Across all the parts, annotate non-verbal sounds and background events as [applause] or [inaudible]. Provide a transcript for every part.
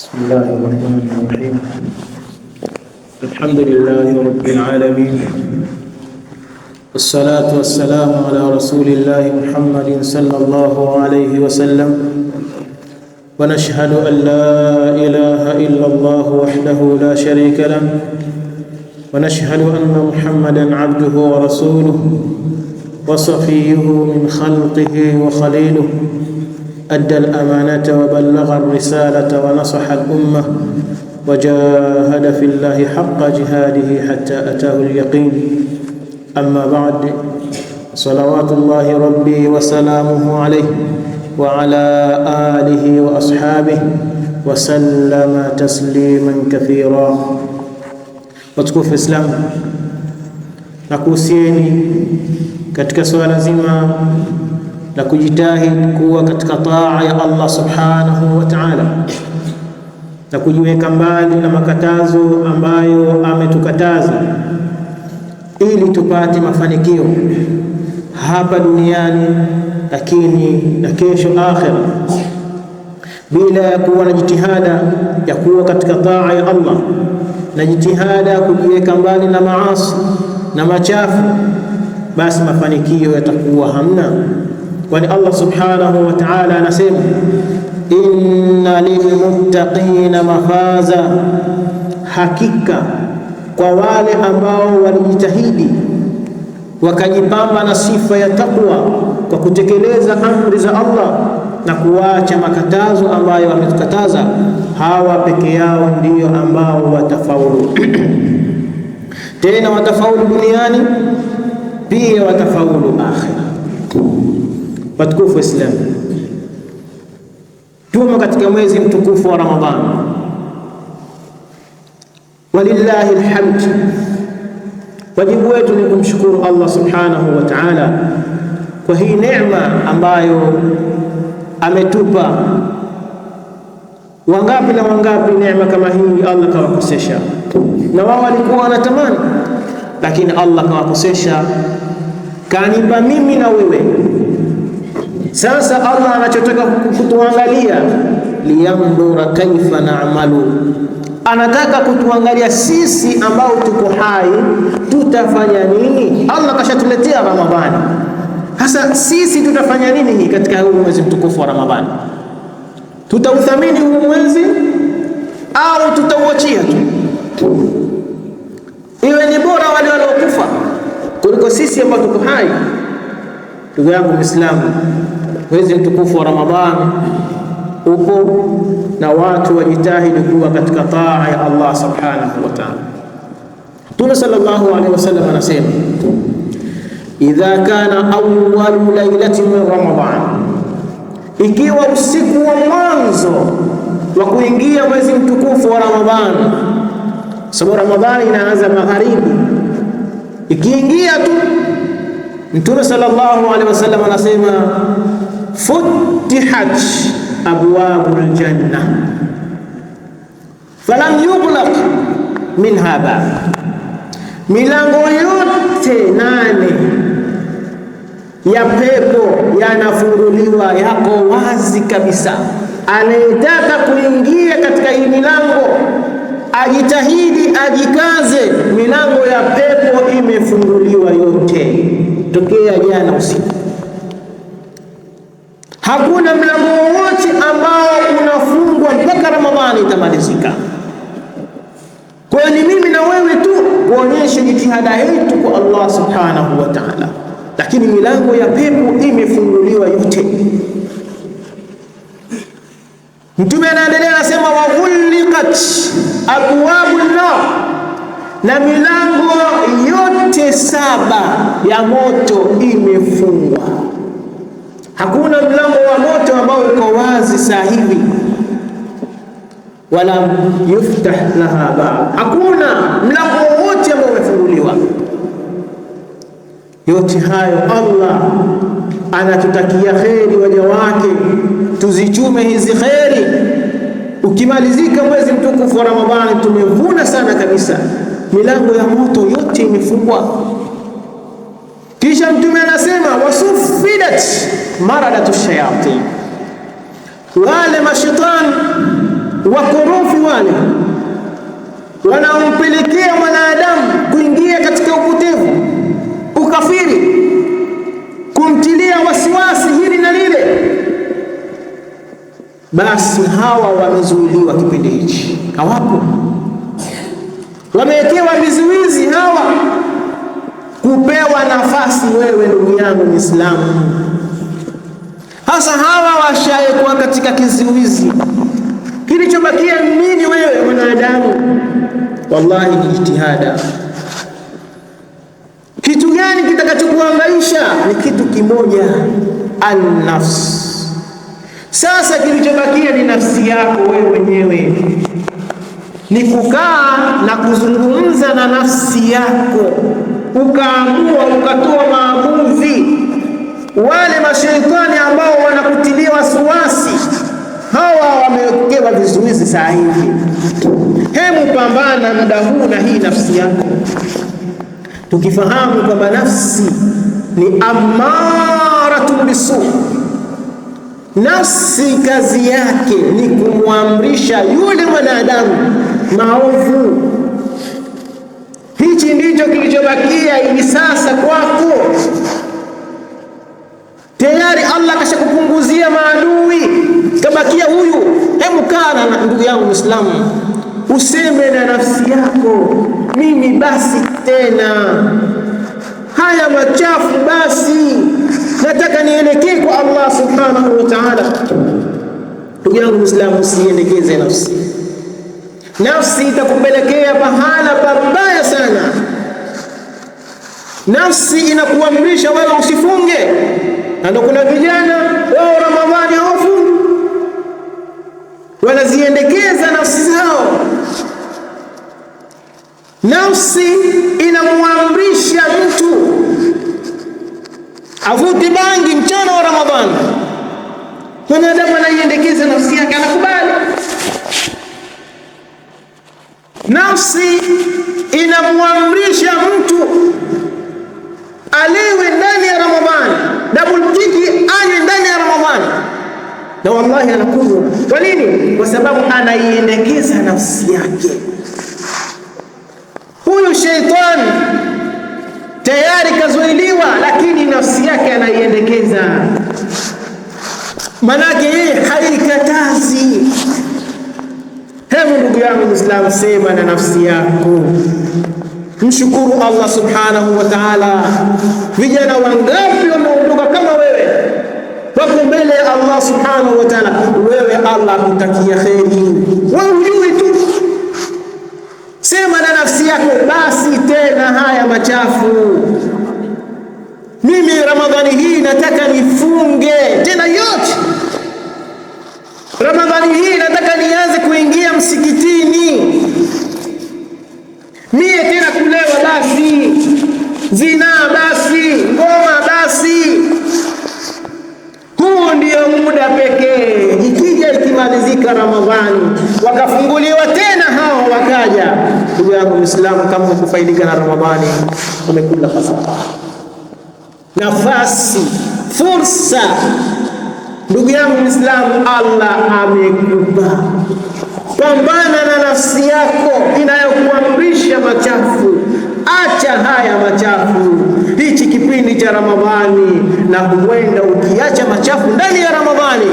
بسم الله الرحمن الرحيم الحمد لله رب العالمين والصلاة والسلام على رسول الله محمد صلى الله عليه وسلم ونشهد أن لا إله إلا الله وحده لا شريك له ونشهد أن محمدا عبده ورسوله وصفيه من خلقه وخليله أدى الأمانة وبلغ الرسالة ونصح الأمة وجاهد في الله حق جهاده حتى أتاه اليقين أما بعد صلوات الله ربي وسلامه عليه وعلى آله وأصحابه وسلم تسليما كثيرا watukufu Islamu, nakuhusieni katika swala zima na kujitahidi kuwa katika taa ya Allah subhanahu wa ta'ala, na kujiweka mbali na makatazo ambayo ametukataza, ili tupate mafanikio hapa duniani, lakini na kesho akhera, bila ya kuwa na jitihada ya kuwa katika taa ya Allah na jitihada ya kujiweka mbali na maasi na machafu, basi mafanikio yatakuwa hamna kwani Allah subhanahu wa ta'ala anasema inna lilmuttaqina mafaza, hakika kwa wale ambao walijitahidi wakajipamba na sifa ya takwa kwa kutekeleza amri za Allah na kuwacha makatazo ambayo wametukataza, hawa peke yao ndiyo ambao watafaulu tena watafaulu duniani pia watafaulu akhira. Watukufu wa Islam, tumo katika mwezi mtukufu wa Ramadhani. Walillahi alhamd, wajibu wetu ni kumshukuru Allah subhanahu wa ta'ala kwa hii neema ambayo ametupa. Wangapi na wangapi neema kama hii Allah kawakosesha, na wao walikuwa wanatamani, lakini Allah kawakosesha, kanipa mimi na wewe sasa Allah anachotaka kutuangalia, liyandura kaifa naamalu anataka kutuangalia sisi ambao tuko hai tutafanya nini. Allah kashatuletea Ramadhani, sasa sisi tutafanya nini hii katika huu mwezi mtukufu wa Ramadhani? Tutauthamini huu mwezi au tutauachia tu? Iwe ni bora wale waliokufa kuliko sisi ambao tuko hai. Ndugu yangu Muislamu Mwezi mtukufu wa Ramadhani upo na watu wajitahidi kuwa katika taa ya Allah subhanahu wa ta'ala. Mtume sallallahu alaihi wasallam anasema, idha kana awwalu lailati min Ramadhan, ikiwa usiku wa mwanzo wa kuingia mwezi mtukufu wa Ramadhani, sababu Ramadhani inaanza magharibi, ikiingia tu Mtume sallallahu alaihi wasallam anasema futihat abwabu ljanna falam yughlaq minha bab, milango yote nane ya pepo yanafunguliwa, yako wazi kabisa. Anayetaka kuingia katika hii milango ajitahidi, ajikaze, milango ya pepo imefunguliwa yote tokea jana usiku. Hakuna mlango wowote ambao unafungwa mpaka Ramadhani itamalizika. Kwa hiyo ni mimi na wewe tu kuonyesha jitihada yetu kwa Allah subhanahu wa ta'ala, lakini milango ya pepo imefunguliwa yote. Mtume anaendelea anasema, wa ghuliqat abwabu nar, na milango yote saba ya moto imefungwa. Hakuna mlango wa moto ambao uko wazi saa hivi, wala yuftah laha ba, hakuna mlango wote ambao umefunguliwa. Yote hayo Allah anatutakia kheri waja wake, tuzichume hizi kheri. Ukimalizika mwezi mtukufu wa Ramadhani, tumevuna sana kabisa, milango ya moto yote imefungwa. Kisha Mtume anasema wasufidat maradatu shayatin, wale mashetani wakorofu wale wanaompelekea mwanadamu kuingia katika upotevu, ukafiri, kumtilia wasiwasi hili na lile, basi hawa wamezuiliwa kipindi hichi, hawapo, wamewekewa vizuizi hawa kupewa nafasi. Wewe ndugu yangu Muislamu Hasa hawa washawekwa katika kizuizi. Kilichobakia nini wewe mwanadamu? Wallahi ni jitihada. Kitu gani kitakachokuwa maisha Ni kitu kimoja, alnafs. Sasa kilichobakia ni nafsi yako wewe mwenyewe, ni kukaa na kuzungumza na nafsi yako, ukaamua ukatoa maamuzi wale mashaitani ambao wanakutilia wasiwasi, hawa wamewekewa vizuizi saa hivi. Hemu pambana muda huu na hii nafsi yako, tukifahamu kwamba nafsi ni amaratu bisu, nafsi kazi yake ni kumwamrisha yule mwanadamu maovu. Hichi ndicho kilichobakia hivi sasa kwako tayari Allah kashakupunguzia maadui, kabakia huyu. Hebu kana na ndugu yangu Muislamu, useme na nafsi yako, mimi basi tena haya machafu basi, nataka nielekee kwa Allah subhanahu wa ta'ala. Ndugu yangu Muislamu, usiendekeze nafsi. Nafsi itakupelekea pahala pabaya sana. Nafsi inakuamrisha wewe usifunge na ndio kuna vijana wao Ramadhani hofu wanaziendekeza nafsi zao, nafsi inamwamrisha mtu avute bangi mchana wa Ramadhani. Mwanadamu anaiendekeza nafsi yake, anakubali. Nafsi inamwamrisha mtu alewe na mtiki ndani ya Ramadhani, na wallahi anakunywa. Kwa nini? Kwa sababu anaiendekeza nafsi yake. Huyu sheitani tayari kazuiliwa, lakini nafsi yake anaiendekeza. Manake yeye haikatazi. Hebu ndugu yangu Muislamu, sema na nafsi yako. Mshukuru Allah subhanahu wa ta'ala. Vijana wangapi wako mbele ya Allah subhanahu wa ta'ala, wewe Allah kutakia kheri, wewe ujui tu. Sema na nafsi yako, basi tena haya machafu, mimi Ramadhani hii nataka nifunge tena yote, Ramadhani hii nataka nianze Muislamu kama hukufaidika na Ramadhani umekula hasara. Nafasi, fursa, ndugu yangu Muislamu, Allah amekupa. Pambana na nafsi yako inayokuamrisha machafu, acha haya machafu hichi kipindi cha Ramadhani, na huenda ukiacha machafu ndani ya Ramadhani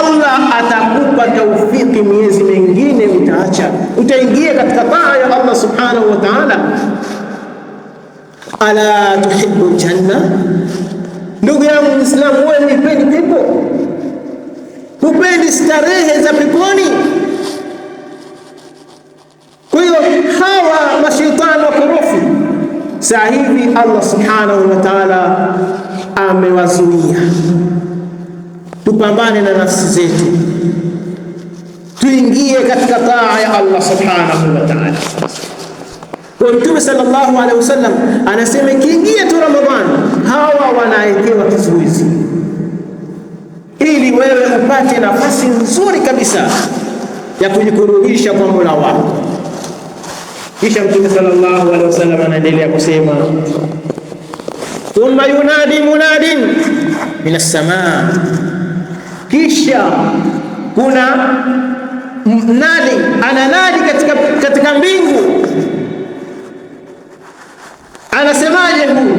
Allah atakupa kukupa taufiki miezi mengine utaacha, utaingia katika taa ya Allah subhanahu wa ta'ala. Ala tuhibbu janna, ndugu yangu Muislamu, wewe pendi pepo? Hupendi starehe za peponi? Kwa hiyo hawa mashaitani wakorofi saa hivi Allah subhanahu wa ta'ala amewazuia tupambane na nafsi zetu tuingie katika taa ya Allah subhanahu wa ta'ala. Kwa Mtume sallallahu alaihi wasallam anasema ikiingia tu Ramadhani, hawa wanawekewa kizuizi ili wewe upate nafasi nzuri kabisa ya kujikurubisha kwa Mola wako. Kisha Mtume sallallahu alaihi wasallam anaendelea kusema, thumma yunadi munadin minas samaa, kisha kuna nadi ananadi katika, katika mbingu anasemaje huu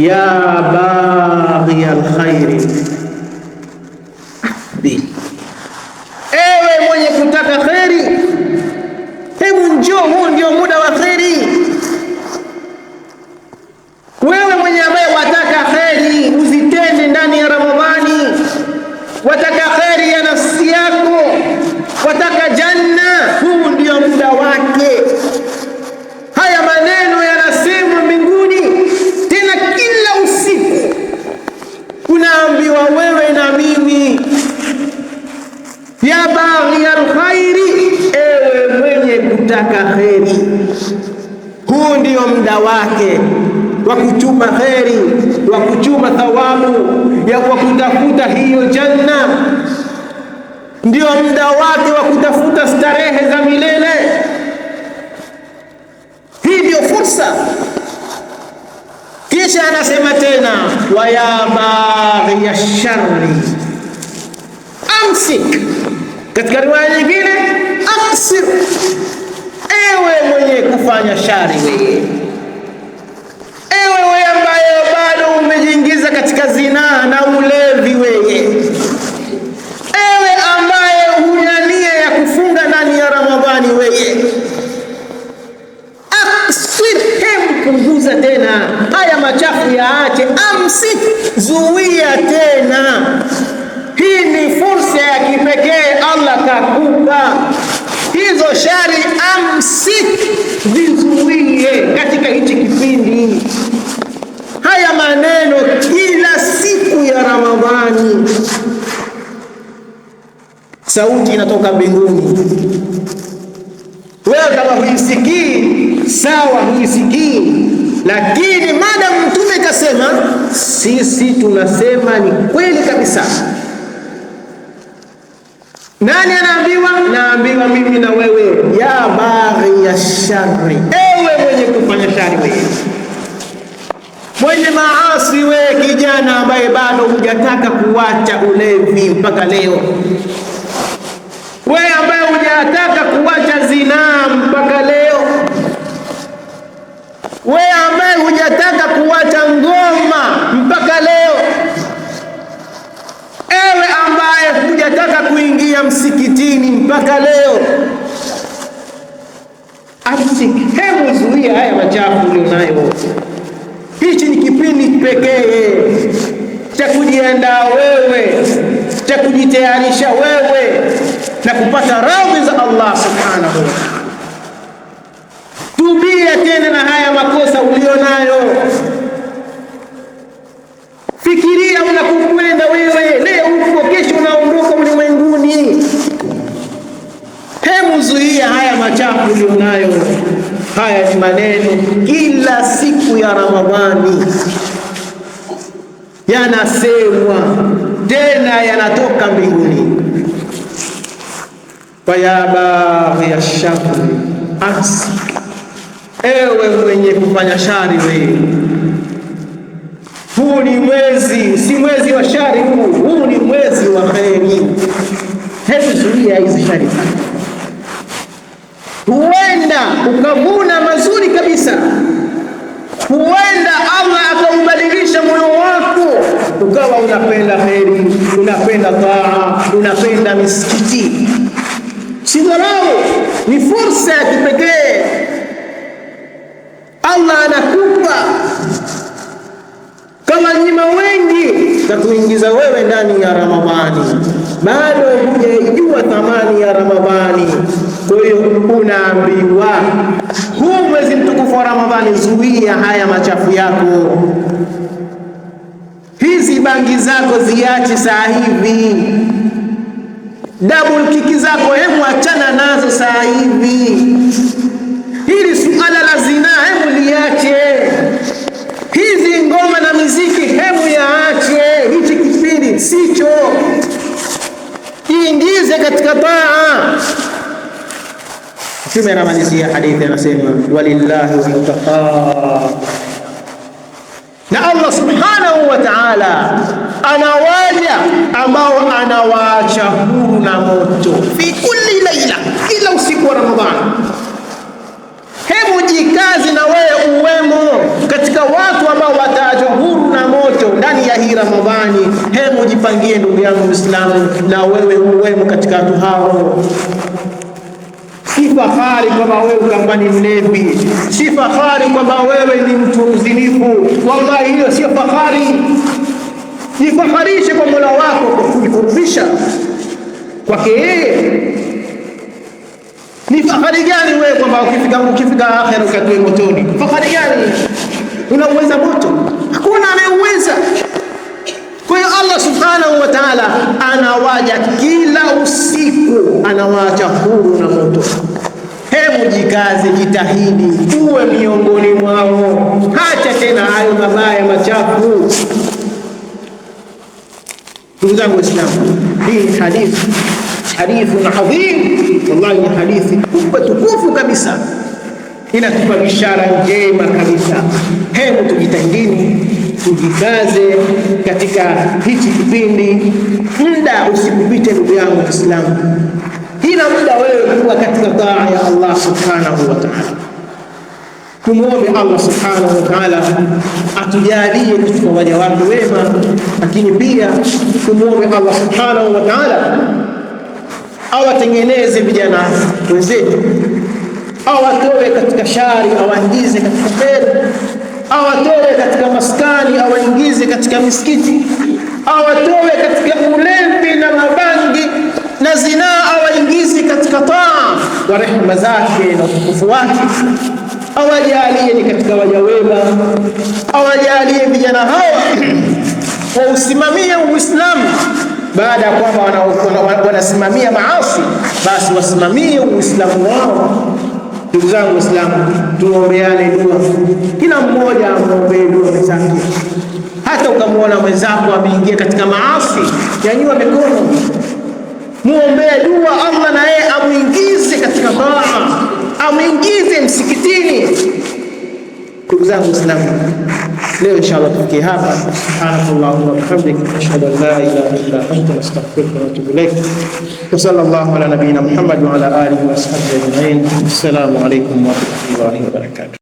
ya baghi alkhairi ewe mwenye kutaka ya kwa kutafuta hiyo janna, ndio muda wake wa kutafuta starehe za milele. Hii ndio fursa. Kisha anasema tena, waya ya shari amsik, zuia tena. Hii ni fursa ya kipekee Allah kakupa hizo shari, amsik, zizuie katika hichi kipindi. Haya maneno kila siku ya Ramadhani, sauti inatoka mbinguni. Wewe kama huisikii sawa, huisikii lakini sisi tunasema ni kweli kabisa. Nani anaambiwa? Naambiwa mimi na wewe, ya baghi ya shari, ewe mwenye kufanya shari, wewe mwenye maasi, wewe kijana ambaye bado hujataka kuwacha ulevi mpaka leo, wewe ambaye hujataka kuwacha zinaa mpaka leo wewe ambaye hujataka kuwacha ngoma mpaka leo, ewe ambaye hujataka kuingia msikitini mpaka leo, asi hebu zuia haya machafu ulionayo. Hichi ni kipindi pekee cha kujiandaa wewe, cha kujitayarisha wewe na kupata radhi za Allah subhanahu wa ta'ala. Tubia tena na haya makosa ulionayo. Fikiria unakokwenda wewe, leo uko, kesho unaondoka ulimwenguni. Hebu zuia haya machafu ulionayo. Haya ni maneno kila siku ya Ramadhani yanasemwa, tena yanatoka mbinguni. fayabaghi ya shari asi Ewe mwenye kufanya shari wewe, huu ni mwezi, si mwezi wa shari huu, huu ni mwezi wa kheri. Hebu zuia hizi shari zako, huenda ukavuna mazuri kabisa, huenda Allah akaubadilisha moyo wako ukawa unapenda kheri, unapenda taa, unapenda misikiti. Sidharau, ni fursa ya kipekee Allah anakupa kama nyima wengi na kuingiza wewe ndani ya Ramadhani, bado hujaijua thamani ya Ramadhani. Kwa hiyo unaambiwa huu mwezi mtukufu wa Ramadhani, zuia haya machafu yako, hizi bangi zako ziache saa hivi, double kiki zako hebu achana nazo saa hivi. Hili suala la zinaa hebu liache, hizi ngoma na miziki hebu yaache, hichi kipindi sicho, iingize katika taa. Mtume anamalizia hadithi, anasema walillahi wattaqaa, na Allah subhanahu wa ta'ala anawaja ambao anawaacha huru na moto fikul uwemo katika watu ambao wataachwa huru na moto ndani ya hii Ramadhani. Hebu jipangie ndugu yangu Muislamu, na wewe uwemo katika watu hao. Si fahari kwamba wewe kwamba ni mlevi, si fahari kwamba wewe ni mtu mzinifu. Wallahi, hiyo sio fahari. Jifaharishe kwa Mola wako kwa kujikurubisha kwake yeye ni fahari gani wewe kwamba ukifika ukifika akhera ukatoe motoni? Fahari gani? Unauweza moto? Hakuna anayeuweza. Kwa hiyo Allah subhanahu wa ta'ala anawaja kila usiku, anawaacha huru na moto. Hebu jikaze, jitahidi uwe miongoni mwao. Hacha tena hayo mabaya machafu. Ndugu zangu Waislamu, hii hadithi hadithun adhim, wallahi ni hadithi kubwa tukufu kabisa, inatupa bishara njema kabisa. Hebu tujitahidini, tujikaze katika hichi kipindi. Muda usikupite ndugu yangu Muislamu, kila muda wewe kuwa katika taa ya Allah subhanahu wa ta'ala. Tumuombe Allah subhanahu wa ta'ala atujalie kutoka waja wake wema, lakini pia tumuombe Allah subhanahu wa ta'ala awatengeneze vijana wenzetu, awatoe katika shari, awaingize katika kheri, awatoe katika maskani, awaingize katika misikiti, awatoe katika ulevi na mabangi na zinaa, awaingize katika taa wa rehema zake na utukufu wake awajalie ni katika waja wema, awajalie vijana hawa [clears throat] wausimamie Uislamu baada ya kwamba wanasimamia maasi, basi wasimamie Uislamu wao. Ndugu zangu Waislamu, tuombeane dua, kila mmoja amwombee dua mwenzake. Hata ukamwona mwenzako ameingia katika maasi, yanyua mikono, muombee dua Allah na yeye amwingize katika baa, amwingize msikitini Ndugu zangu Waislamu, leo inshallah tufikie hapa. Subhanakallahumma wa bihamdika ashhadu an la ilaha illa anta astaghfiruka wa atubu ilaik. Wa sallallahu ala nabiyyina Muhammad wa ala alihi wa ashabihi ajma'in. Assalamu alaykum wa rahmatullahi wa barakatuh.